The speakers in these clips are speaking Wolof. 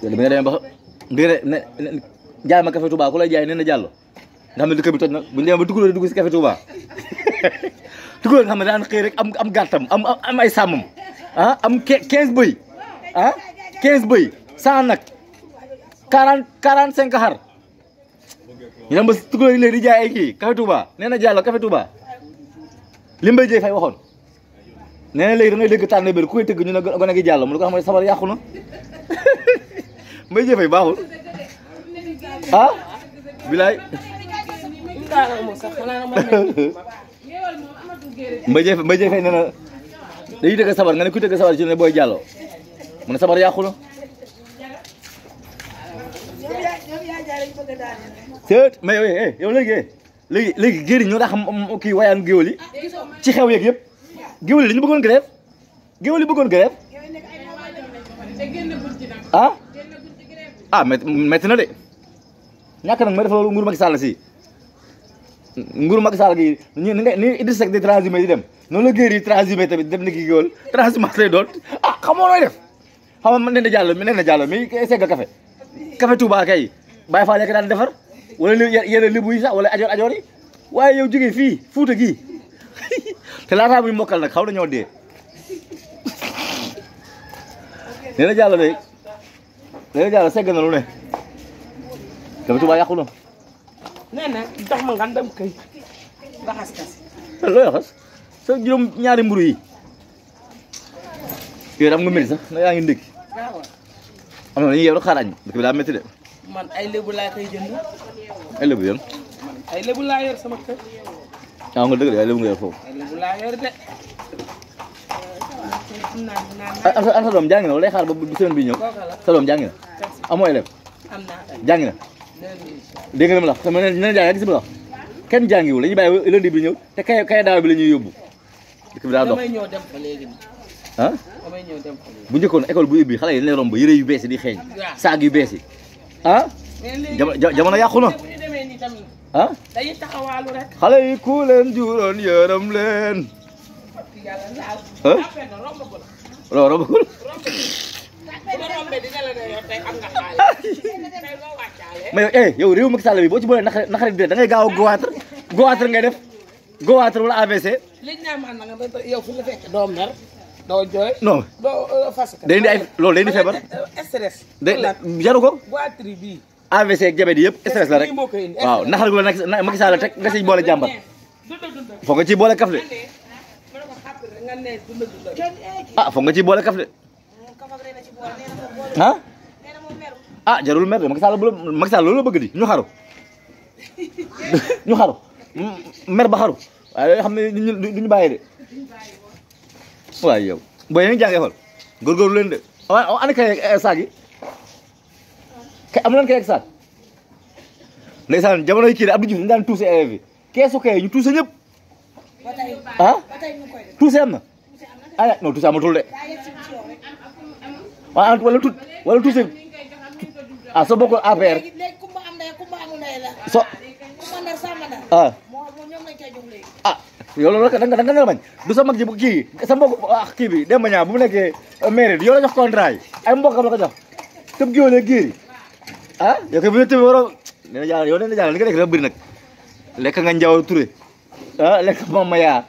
yéen bi nga demee ba bi nga ne jaay ma café Touba ku lay jaay nee na jàllo nga xam ne dëkk bi toj na bu ñu demee ba tukulóor dugg si café Touba tukulóor nga xam ne daan xëy rek am am am am ay sàmmam ah am quinze bëy ah quinze bëy cent nag quarante quarante cinq xar ñu dem ba tukulóor yi léegi di jaay ay kii café Touba nee na jàllo café Touba li Mbaye waxoon nee na léegi da ngay dégg tànn bi ku koy tëgg ñu ne gone gi jàll mu ne ko xam ne sabar yàqu na mbay jëfee baaxul ah bilaay mbay jëfe mbay jëfe nee tëgg sabar nga ne ku tëgg sabar ci ne booy jàllo mu ne sabar yàqu na mais eh, eh, yow léegi eh, léegi léegi géer ñoo daa xam kii wayaan géwél yi ci xew yeeg yëpp géwél yi dañu bëggoon grève géwél yi bëggoon grève ah ah métti na de ñàkk nag may def loolu nguur Macky Sall si nguur Macky Sall gi ñu ni nga ni Idrissa Seck di transhumé dem noonu la géer yi transhumé tamit dem ni ki géwél transhumé lay doon ah xamoo nooy def xam nga nee na jàll nee na jàll mi segg café café Touba kay bàyyi faa lekk daan defar wala yenn libu yi sax wala ajoor ajoor waaye yow jógee fi Fuuta gi te laataa muy mokkal nag xaw nañoo dee nee na jàll de nee na jàll segg na lu ne dama tubaab yàqu na. nee na dox ma nga dem kay ñaari mburu yi yooyu am nga mel sax na yaa ngi ndékki. Ah, am na dañuy yeewu xaaraañ dëkk bi daa métti de. ay lébu laa ay lébu yan. man ay lébu laa ah nga dëgg de yàlla lébu nga yor foofu. lébu laa yor am sa doom jàng na wala day xaar ba bu semaine bi ñëw. sa doom jàng na. amoo élève. am naa na. dégg nga li ma la wax sama nee na jaay gis nga bi ñëw te kay daaw bi la ñuy yóbbu. dëkk bi daa dox damay ah bu njëkkoon école bu ubbi xale yi dañ lay romb yëre yu bees di xeeñ. saag yu bees yi ah. jamono yàqu ah dañuy taxawaalu rek. xale yi ku leen juróon yërëm leen. loo romb ko. mais yow eh yow réew Macky bi boo ci boolee naxari naxari bi da ngay gaaw a gowaatre gowaatre ngay def gowaatre wala AVC. liñ naa ma nga yow fu AVC ak diabète yëpp stress la rek waaw naxal gu la nag Macky Sall teg nga siy boole jàmbat foog nga ciy boole kaf ah foog nga ciy boole kaf de ah ah jarul mer de Macky Sall Macky Sall loolu la bëgg di ñu xaru ñu xaru mer ba xaru waaye yoo xam ne du ñu bàyyi de waaye yow booy yéen jàng xool góorgóorlu leen de ana kay eh, saag amuloon kay ak saak ndeysaan jamono yi kii de Abdou Diouf dañu daan tuuse élèves yi keesu kay ñu tuuse ñëpp ah tuuse am na ah non tuuse amatul de waaw wala tu wala tuuse ah soo bokkul APR so ah ah yow loolu da nga da nga bañ du sa mag ji bu kii sa mbokk ah kii bi Demba Niang bu mu nekkee euh, mairie yow la jox contrat yi ay mbokk am la ko jox tëb gi wala géer yi ah yow kay bu ñu tamit waroo na lekk nag lekk nga njaw ture ah lekk moom ma yaa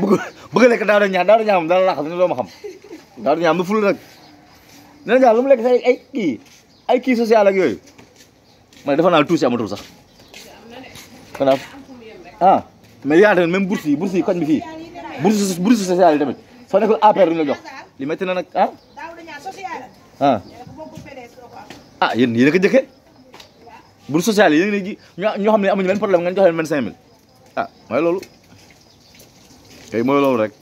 bëgg bëgg lekk daa doon ñaam daa doon ñaam dala laa xam ne loo ma xam daa doon ñaam nu ful nag nee na lu mu lekk say ay kii ay kii social ak yooyu ma dafa naa tuuti amatul sax xanaa ah mais yaa tamit même bourse yi bourse yi koñ bi fii bourse bourse sociale tamit soo nekkul APR duñu la jox li métti na nag ah ah yéen yéen a ko jëkkee bu social yi yéen ji ñoo xam ne amuñu benn problème ngeen jox leen vingt cinq mille ah mooy loolu kay mooy loolu rek